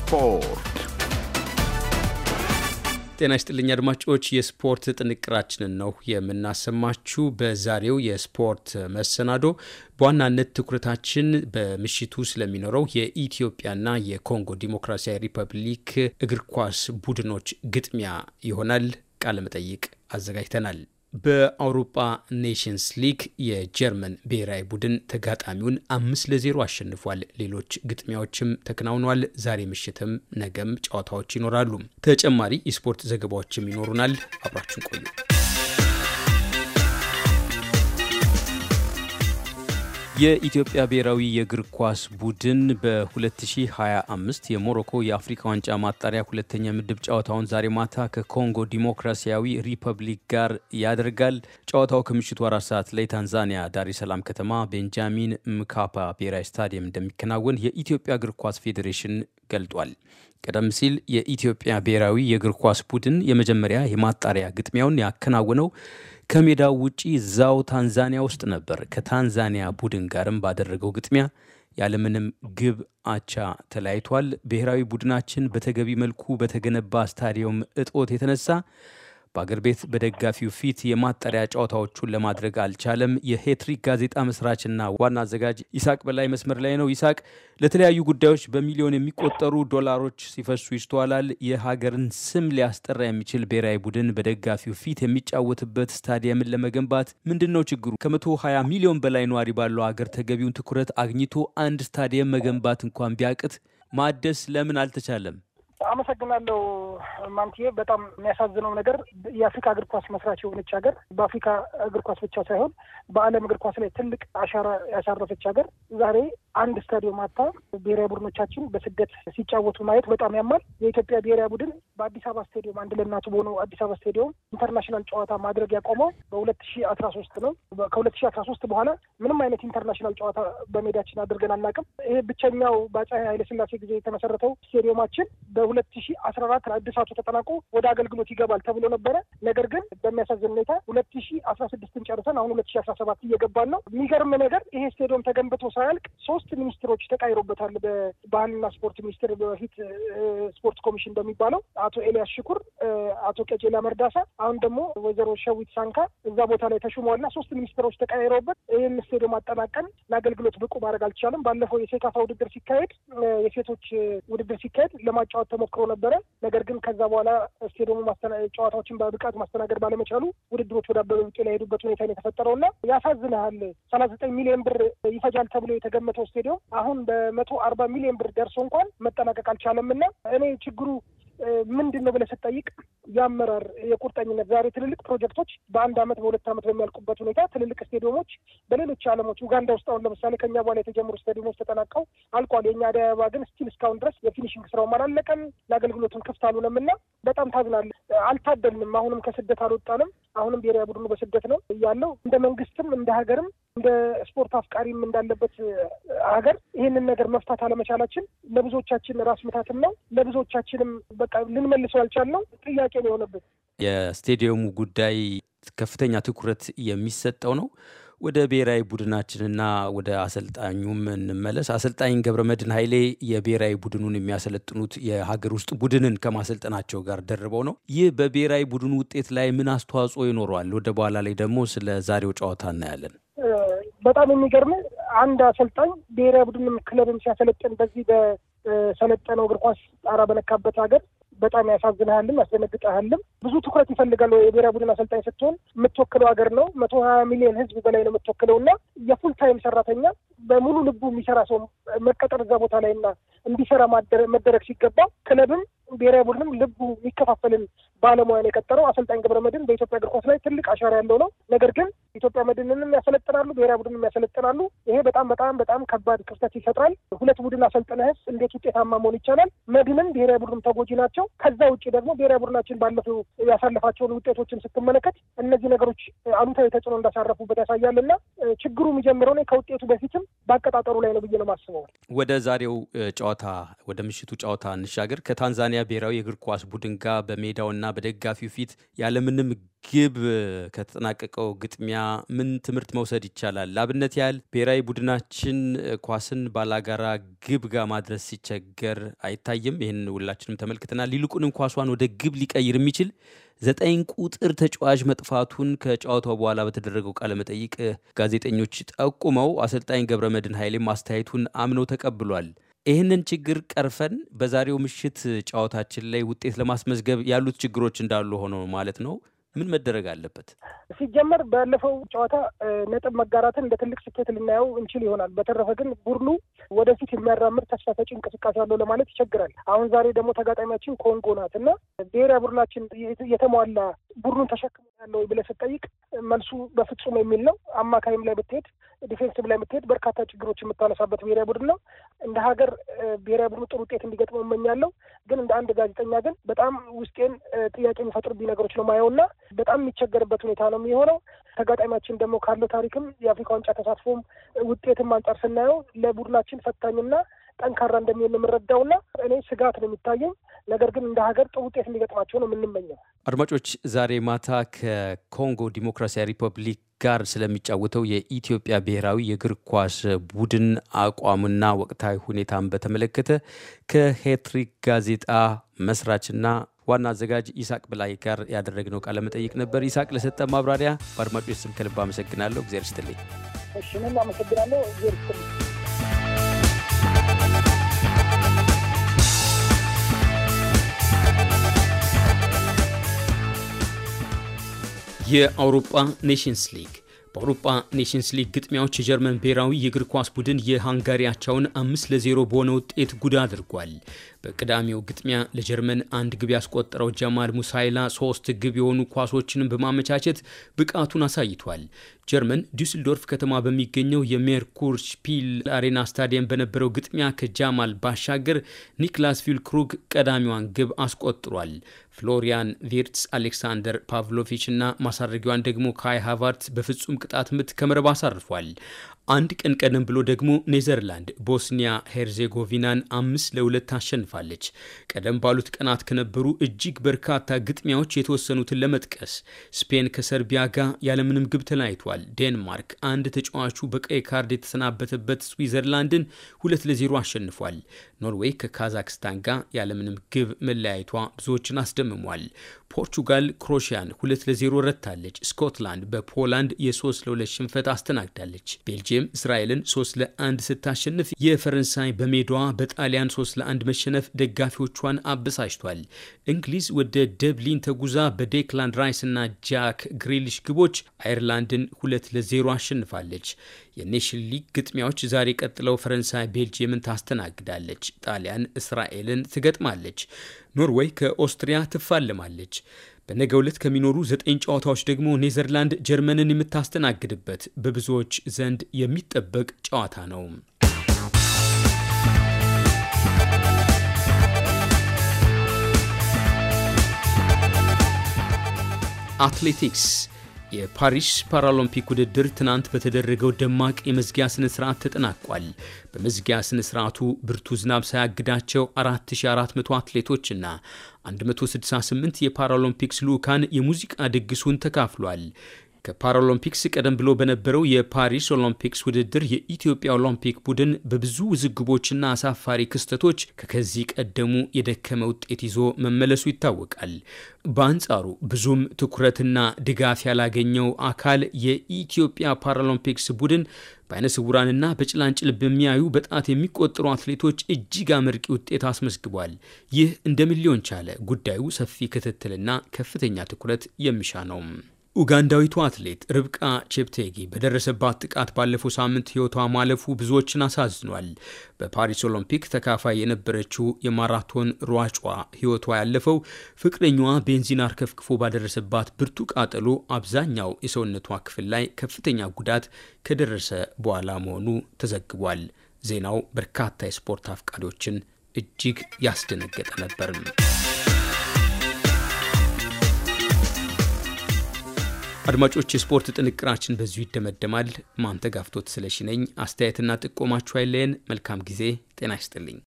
ስፖርት። ጤና ይስጥልኝ አድማጮች፣ የስፖርት ጥንቅራችንን ነው የምናሰማችሁ። በዛሬው የስፖርት መሰናዶ በዋናነት ትኩረታችን በምሽቱ ስለሚኖረው የኢትዮጵያና የኮንጎ ዲሞክራሲያዊ ሪፐብሊክ እግር ኳስ ቡድኖች ግጥሚያ ይሆናል። ቃለመጠይቅ አዘጋጅተናል። በአውሮፓ ኔሽንስ ሊግ የጀርመን ብሔራዊ ቡድን ተጋጣሚውን አምስት ለዜሮ አሸንፏል። ሌሎች ግጥሚያዎችም ተከናውኗል። ዛሬ ምሽትም ነገም ጨዋታዎች ይኖራሉ። ተጨማሪ የስፖርት ዘገባዎችም ይኖሩናል። አብራችን ቆዩ። የኢትዮጵያ ብሔራዊ የእግር ኳስ ቡድን በ2025 የሞሮኮ የአፍሪካ ዋንጫ ማጣሪያ ሁለተኛ ምድብ ጨዋታውን ዛሬ ማታ ከኮንጎ ዲሞክራሲያዊ ሪፐብሊክ ጋር ያደርጋል። ጨዋታው ከምሽቱ አራት ሰዓት ላይ ታንዛኒያ ዳሬ ሰላም ከተማ ቤንጃሚን ምካፓ ብሔራዊ ስታዲየም እንደሚከናወን የኢትዮጵያ እግር ኳስ ፌዴሬሽን ገልጧል። ቀደም ሲል የኢትዮጵያ ብሔራዊ የእግር ኳስ ቡድን የመጀመሪያ የማጣሪያ ግጥሚያውን ያከናወነው ከሜዳው ውጪ እዛው ታንዛኒያ ውስጥ ነበር ከታንዛኒያ ቡድን ጋርም ባደረገው ግጥሚያ ያለምንም ግብ አቻ ተለያይቷል። ብሔራዊ ቡድናችን በተገቢ መልኩ በተገነባ ስታዲየም እጦት የተነሳ በአገር ቤት በደጋፊው ፊት የማጣሪያ ጨዋታዎቹን ለማድረግ አልቻለም። የሄትሪክ ጋዜጣ መስራችና ዋና አዘጋጅ ይስሐቅ በላይ መስመር ላይ ነው። ይስሐቅ፣ ለተለያዩ ጉዳዮች በሚሊዮን የሚቆጠሩ ዶላሮች ሲፈሱ ይስተዋላል። የሀገርን ስም ሊያስጠራ የሚችል ብሔራዊ ቡድን በደጋፊው ፊት የሚጫወትበት ስታዲየምን ለመገንባት ምንድን ነው ችግሩ? ከመቶ 120 ሚሊዮን በላይ ነዋሪ ባለው ሀገር ተገቢውን ትኩረት አግኝቶ አንድ ስታዲየም መገንባት እንኳን ቢያቅት ማደስ ለምን አልተቻለም? አመሰግናለሁ ማንቲዬ በጣም የሚያሳዝነው ነገር የአፍሪካ እግር ኳስ መስራች የሆነች ሀገር በአፍሪካ እግር ኳስ ብቻ ሳይሆን በዓለም እግር ኳስ ላይ ትልቅ አሻራ ያሳረፈች ሀገር ዛሬ አንድ ስታዲየም አታ ብሔራዊ ቡድኖቻችን በስደት ሲጫወቱ ማየት በጣም ያማል። የኢትዮጵያ ብሔራዊ ቡድን በአዲስ አበባ ስታዲየም አንድ ለእናቱ በሆነው አዲስ አበባ ስታዲየም ኢንተርናሽናል ጨዋታ ማድረግ ያቆመው በሁለት ሺ አስራ ሶስት ነው። ከሁለት ሺ አስራ ሶስት በኋላ ምንም አይነት ኢንተርናሽናል ጨዋታ በሜዳችን አድርገን አናውቅም። ይሄ ብቸኛው በአፄ ኃይለስላሴ ጊዜ የተመሰረተው ስታዲየማችን በሁለት ሺ አስራ አራት እድሳቱ ተጠናቆ ወደ አገልግሎት ይገባል ተብሎ ነበረ። ነገር ግን በሚያሳዝን ሁኔታ ሁለት ሺ አስራ ስድስትን ጨርሰን አሁን ሁለት ሺ አስራ ሰባት እየገባን ነው። የሚገርም ነገር ይሄ ስታዲየም ተገንብቶ ሳያልቅ ሶስት ሶስት ሚኒስትሮች ተቃይሮበታል። በባህልና ስፖርት ሚኒስትር በፊት ስፖርት ኮሚሽን በሚባለው አቶ ኤልያስ ሽኩር፣ አቶ ቀጀላ መርዳሳ፣ አሁን ደግሞ ወይዘሮ ሸዊት ሳንካ እዛ ቦታ ላይ ተሹመዋልና ሶስት ሚኒስትሮች ተቃይረውበት ይህን ስቴዲየም አጠናቀን ለአገልግሎት ብቁ ማድረግ አልቻለም። ባለፈው የሴካፋ ውድድር ሲካሄድ የሴቶች ውድድር ሲካሄድ ለማጫወት ተሞክሮ ነበረ። ነገር ግን ከዛ በኋላ ስቴዲየሙ ጨዋታዎችን በብቃት ማስተናገድ ባለመቻሉ ውድድሮች ወደ አበበ ቢቂላ የሄዱበት ሁኔታ ነው የተፈጠረውና ያሳዝንሃል። ሰላሳ ዘጠኝ ሚሊዮን ብር ይፈጃል ተብሎ የተገመተው ስቴዲየም አሁን በመቶ አርባ ሚሊዮን ብር ደርሶ እንኳን መጠናቀቅ አልቻለም እና እኔ ችግሩ ምንድን ነው ብለህ ስትጠይቅ የአመራር የቁርጠኝነት ዛሬ ትልልቅ ፕሮጀክቶች በአንድ አመት በሁለት አመት በሚያልቁበት ሁኔታ ትልልቅ ስቴዲየሞች በሌሎች አለሞች ኡጋንዳ ውስጥ አሁን ለምሳሌ ከኛ በኋላ የተጀመሩ ስቴዲየሞች ተጠናቀው አልቋል። የእኛ አዲስ አበባ ግን ስቲል እስካሁን ድረስ የፊኒሽንግ ስራውም አላለቀም፣ ለአገልግሎትም ክፍት አልሆነም እና በጣም ታዝናለህ። አልታደልንም። አሁንም ከስደት አልወጣንም። አሁንም ብሔራዊ ቡድኑ በስደት ነው ያለው። እንደ መንግስትም እንደ ሀገርም እንደ ስፖርት አፍቃሪም እንዳለበት ሀገር ይህንን ነገር መፍታት አለመቻላችን ለብዙዎቻችን ራስ ምታትም ነው። ለብዙዎቻችንም በቃ ልንመልሰው አልቻልነው ጥያቄ ነው የሆነበት። የስቴዲየሙ ጉዳይ ከፍተኛ ትኩረት የሚሰጠው ነው። ወደ ብሔራዊ ቡድናችንና ወደ አሰልጣኙም እንመለስ። አሰልጣኝ ገብረመድን ኃይሌ የብሔራዊ ቡድኑን የሚያሰለጥኑት የሀገር ውስጥ ቡድንን ከማሰልጠናቸው ጋር ደርበው ነው። ይህ በብሔራዊ ቡድኑ ውጤት ላይ ምን አስተዋጽኦ ይኖረዋል? ወደ በኋላ ላይ ደግሞ ስለ ዛሬው ጨዋታ እናያለን። በጣም የሚገርም አንድ አሰልጣኝ ብሔራዊ ቡድንም ክለብም ሲያሰለጥን በዚህ በሰለጠነው እግር ኳስ ጣራ በነካበት ሀገር በጣም ያሳዝንሃልም ያስደነግጠሃልም። ብዙ ትኩረት ይፈልጋል። የብሔራዊ ቡድን አሰልጣኝ ስትሆን የምትወክለው ሀገር ነው። መቶ ሀያ ሚሊዮን ህዝብ በላይ ነው የምትወክለው እና የፉል ታይም ሰራተኛ በሙሉ ልቡ የሚሰራ ሰው መቀጠር እዛ ቦታ ላይ እና እንዲሰራ መደረግ ሲገባ ክለብም ብሔራዊ ቡድንም ልቡ የሚከፋፈልን ነው የቀጠረው አሰልጣኝ ገብረ መድን በኢትዮጵያ እግር ኳስ ላይ ትልቅ አሻራ ያለው ነው። ነገር ግን ኢትዮጵያ መድንንም ያሰለጥናሉ፣ ብሔራዊ ቡድንም ያሰለጥናሉ። ይሄ በጣም በጣም በጣም ከባድ ክፍተት ይፈጥራል። ሁለት ቡድን አሰልጥነህስ እንዴት ውጤታማ መሆን ይቻላል? መድንም ብሔራዊ ቡድንም ተጎጂ ናቸው። ከዛ ውጭ ደግሞ ብሔራዊ ቡድናችን ባለፈው ያሳለፋቸውን ውጤቶችን ስትመለከት እነዚህ ነገሮች አሉታዊ ተጽዕኖ እንዳሳረፉበት ያሳያል እና ችግሩ የሚጀምረው ነው ከውጤቱ በፊትም በአቀጣጠሩ ላይ ነው ብዬ ነው ማስበው። ወደ ዛሬው ጨዋታ ወደ ምሽቱ ጨዋታ እንሻገር ከታንዛኒያ ከኢጣሊያ ብሔራዊ የእግር ኳስ ቡድን ጋር በሜዳውና በደጋፊው ፊት ያለምንም ግብ ከተጠናቀቀው ግጥሚያ ምን ትምህርት መውሰድ ይቻላል? ለአብነት ያህል ብሔራዊ ቡድናችን ኳስን ባላጋራ ግብ ጋር ማድረስ ሲቸገር አይታይም። ይህን ሁላችንም ተመልክተናል። ይልቁንም ኳሷን ወደ ግብ ሊቀይር የሚችል ዘጠኝ ቁጥር ተጫዋች መጥፋቱን ከጨዋታው በኋላ በተደረገው ቃለመጠይቅ ጋዜጠኞች ጠቁመው አሰልጣኝ ገብረመድን ኃይሌም አስተያየቱን አምነው ተቀብሏል። ይህንን ችግር ቀርፈን በዛሬው ምሽት ጨዋታችን ላይ ውጤት ለማስመዝገብ ያሉት ችግሮች እንዳሉ ሆኖ ማለት ነው ምን መደረግ አለበት? ሲጀመር ባለፈው ጨዋታ ነጥብ መጋራትን እንደ ትልቅ ስኬት ልናየው እንችል ይሆናል። በተረፈ ግን ቡድኑ ወደፊት የሚያራምድ ተስፋ ሰጪ እንቅስቃሴ አለው ለማለት ይቸግራል። አሁን ዛሬ ደግሞ ተጋጣሚያችን ኮንጎ ናት እና ብሔራዊ ቡድናችን የተሟላ ቡድኑን ተሸክሞ ያለው ብለህ መልሱ በፍጹም የሚል ነው። አማካይም ላይ ብትሄድ፣ ዲፌንስም ላይ ብትሄድ በርካታ ችግሮች የምታነሳበት ብሔራዊ ቡድን ነው። እንደ ሀገር ብሔራዊ ቡድኑ ጥሩ ውጤት እንዲገጥመው እመኛለሁ። ግን እንደ አንድ ጋዜጠኛ ግን በጣም ውስጤን ጥያቄ የሚፈጥሩብኝ ነገሮች ነው ማየው እና በጣም የሚቸገርበት ሁኔታ ነው የሚሆነው። ተጋጣሚያችን ደግሞ ካለው ታሪክም የአፍሪካ ዋንጫ ተሳትፎም ውጤትም አንጻር ስናየው ለቡድናችን ፈታኝና ጠንካራ እንደሚሆን የምንረዳውና እኔ ስጋት ነው የሚታየኝ። ነገር ግን እንደ ሀገር ጥሩ ውጤት እንዲገጥማቸው ነው የምንመኘው። አድማጮች፣ ዛሬ ማታ ከኮንጎ ዲሞክራሲያዊ ሪፐብሊክ ጋር ስለሚጫወተው የኢትዮጵያ ብሔራዊ የእግር ኳስ ቡድን አቋምና ወቅታዊ ሁኔታን በተመለከተ ከሄትሪክ ጋዜጣ መስራችና ዋና አዘጋጅ ኢሳቅ ብላይ ጋር ያደረግነው ቃለ መጠይቅ ነበር። ይስሐቅ ለሰጠ ማብራሪያ በአድማጮች ስም ከልብ አመሰግናለሁ። እግዚአብሔር ይስጥልኝ። እሺ፣ እኔም አመሰግናለሁ። እግዚአብሔር ይስጥልኝ። የአውሮፓ ኔሽንስ ሊግ በአውሮፓ ኔሽንስ ሊግ ግጥሚያዎች የጀርመን ብሔራዊ የእግር ኳስ ቡድን የሃንጋሪያቸውን አምስት ለዜሮ በሆነ ውጤት ጉዳ አድርጓል። በቅዳሜው ግጥሚያ ለጀርመን አንድ ግብ ያስቆጠረው ጀማል ሙሳይላ ሶስት ግብ የሆኑ ኳሶችንም በማመቻቸት ብቃቱን አሳይቷል። ጀርመን ዱስልዶርፍ ከተማ በሚገኘው የሜርኩር ሽፒል አሬና ስታዲየም በነበረው ግጥሚያ ከጃማል ባሻገር ኒክላስ ቪልክሩግ ቀዳሚዋን ግብ አስቆጥሯል። ፍሎሪያን ቪርትስ፣ አሌክሳንደር ፓቭሎቪች እና ማሳረጊዋን ደግሞ ካይ ሃቫርት በፍጹም ቅጣት ምት ከመረብ አሳርፏል። አንድ ቀን ቀደም ብሎ ደግሞ ኔዘርላንድ ቦስኒያ ሄርዜጎቪናን አምስት ለሁለት ታሸንፋለች። ቀደም ባሉት ቀናት ከነበሩ እጅግ በርካታ ግጥሚያዎች የተወሰኑትን ለመጥቀስ ስፔን ከሰርቢያ ጋር ያለምንም ግብ ተለያይቷል። ዴንማርክ አንድ ተጫዋቹ በቀይ ካርድ የተሰናበተበት ስዊዘርላንድን ሁለት ለዜሮ አሸንፏል። ኖርዌይ ከካዛክስታን ጋር ያለምንም ግብ መለያየቷ ብዙዎችን አስደምሟል። ፖርቹጋል ክሮሽያን ሁለት ለዜሮ ረታለች። ስኮትላንድ በፖላንድ የሶስት ለሁለት ሽንፈት አስተናግዳለች። ቤልጅየም ቤልጅየም እስራኤልን ለ ለአንድ ስታሸንፍ የፈረንሳይ በሜዳዋ በጣሊያን ሶስት ለአንድ መሸነፍ ደጋፊዎቿን አበሳጭቷል። እንግሊዝ ወደ ደብሊን ተጉዛ በዴክላንድ ራይስ እና ጃክ ግሪሊሽ ግቦች አይርላንድን ለ ለዜሮ አሸንፋለች። የኔሽን ሊግ ግጥሚያዎች ዛሬ ቀጥለው ፈረንሳይ ቤልጅየምን ታስተናግዳለች። ጣሊያን እስራኤልን ትገጥማለች። ኖርዌይ ከኦስትሪያ ትፋለማለች። በነገ ዕለት ከሚኖሩ ዘጠኝ ጨዋታዎች ደግሞ ኔዘርላንድ ጀርመንን የምታስተናግድበት በብዙዎች ዘንድ የሚጠበቅ ጨዋታ ነው። አትሌቲክስ የፓሪስ ፓራሎምፒክ ውድድር ትናንት በተደረገው ደማቅ የመዝጊያ ስነ ስርዓት ተጠናቋል። በመዝጊያ ስነ ስርዓቱ ብርቱ ዝናብ ሳያግዳቸው 4400 አትሌቶችና 168 የፓራሎምፒክስ ልዑካን የሙዚቃ ድግሱን ተካፍሏል። ከፓራኦሎምፒክስ ቀደም ብሎ በነበረው የፓሪስ ኦሎምፒክስ ውድድር የኢትዮጵያ ኦሎምፒክ ቡድን በብዙ ውዝግቦችና አሳፋሪ ክስተቶች ከከዚህ ቀደሙ የደከመ ውጤት ይዞ መመለሱ ይታወቃል። በአንጻሩ ብዙም ትኩረትና ድጋፍ ያላገኘው አካል የኢትዮጵያ ፓራኦሎምፒክስ ቡድን በአይነ ስውራንና በጭላንጭል በሚያዩ በጣት የሚቆጠሩ አትሌቶች እጅግ አመርቂ ውጤት አስመዝግቧል። ይህ እንደምን ሊሆን ቻለ? ጉዳዩ ሰፊ ክትትልና ከፍተኛ ትኩረት የሚሻ ነው። ኡጋንዳዊቱ አትሌት ርብቃ ቼፕቴጊ በደረሰባት ጥቃት ባለፈው ሳምንት ሕይወቷ ማለፉ ብዙዎችን አሳዝኗል። በፓሪስ ኦሎምፒክ ተካፋይ የነበረችው የማራቶን ሯጯ ሕይወቷ ያለፈው ፍቅረኛዋ ቤንዚን አርከፍክፎ ባደረሰባት ብርቱ ቃጠሎ አብዛኛው የሰውነቷ ክፍል ላይ ከፍተኛ ጉዳት ከደረሰ በኋላ መሆኑ ተዘግቧል። ዜናው በርካታ የስፖርት አፍቃሪዎችን እጅግ ያስደነገጠ ነበርም። አድማጮች፣ የስፖርት ጥንቅራችን በዚሁ ይደመደማል። ማንተጋፍቶት ጋፍቶት ነኝ። አስተያየትና ጥቆማችሁ አይለየን። መልካም ጊዜ። ጤና ይስጥልኝ።